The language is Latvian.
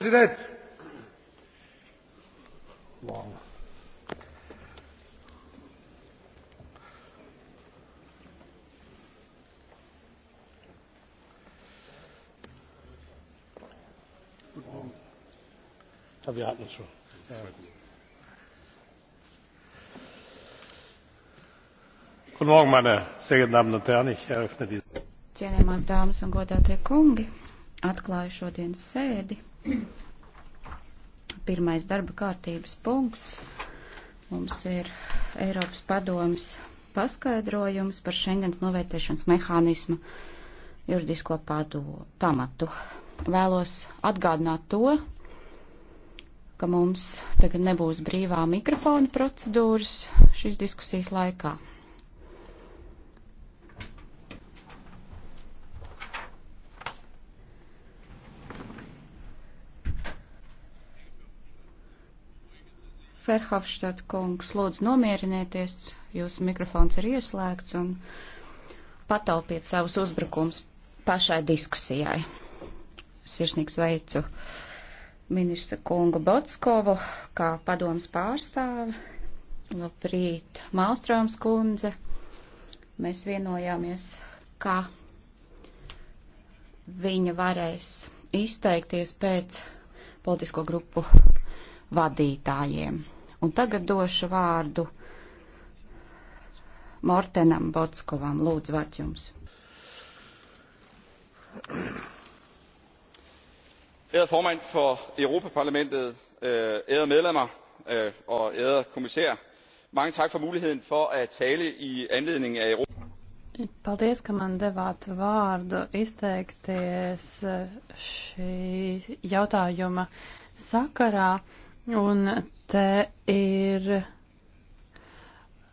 President. Long. Ja, wir hatten es schon. Ja. Guten Morgen, meine sehr geehrten Damen und Herren. Ich eröffne die. Cienījamās dāmas un godātie kungi, atklāju šodienas sēdi. Pirmais darba kārtības punkts mums ir Eiropas padomas paskaidrojums par Schengens novērtēšanas mehānismu juridisko padomu, pamatu. Vēlos atgādināt to, ka mums tagad nebūs brīvā mikrofona procedūras šīs diskusijas laikā. Ferhofštad kungs, lūdzu nomierinieties, jūsu mikrofons ir ieslēgts un pataupiet savus uzbrukums pašai diskusijai. Sirsnīgs veicu ministra kungu Botskovu kā padomas pārstāvi. Labrīt, Malstroms kundze. Mēs vienojāmies, ka viņa varēs izteikties pēc politisko grupu vadītājiem. Un tagad došu vārdu Mortenam Botskovam. Lūdzu, vārds jums. Ærede formand for Europaparlamentet, øh, ærede medlemmer øh, og ærede kommissær, mange tak for muligheden for at tale i anledning af Europa. Paldies, ka man devāt vārdu izteikties øh, šī jautājuma sakarā. Uh, Un te ir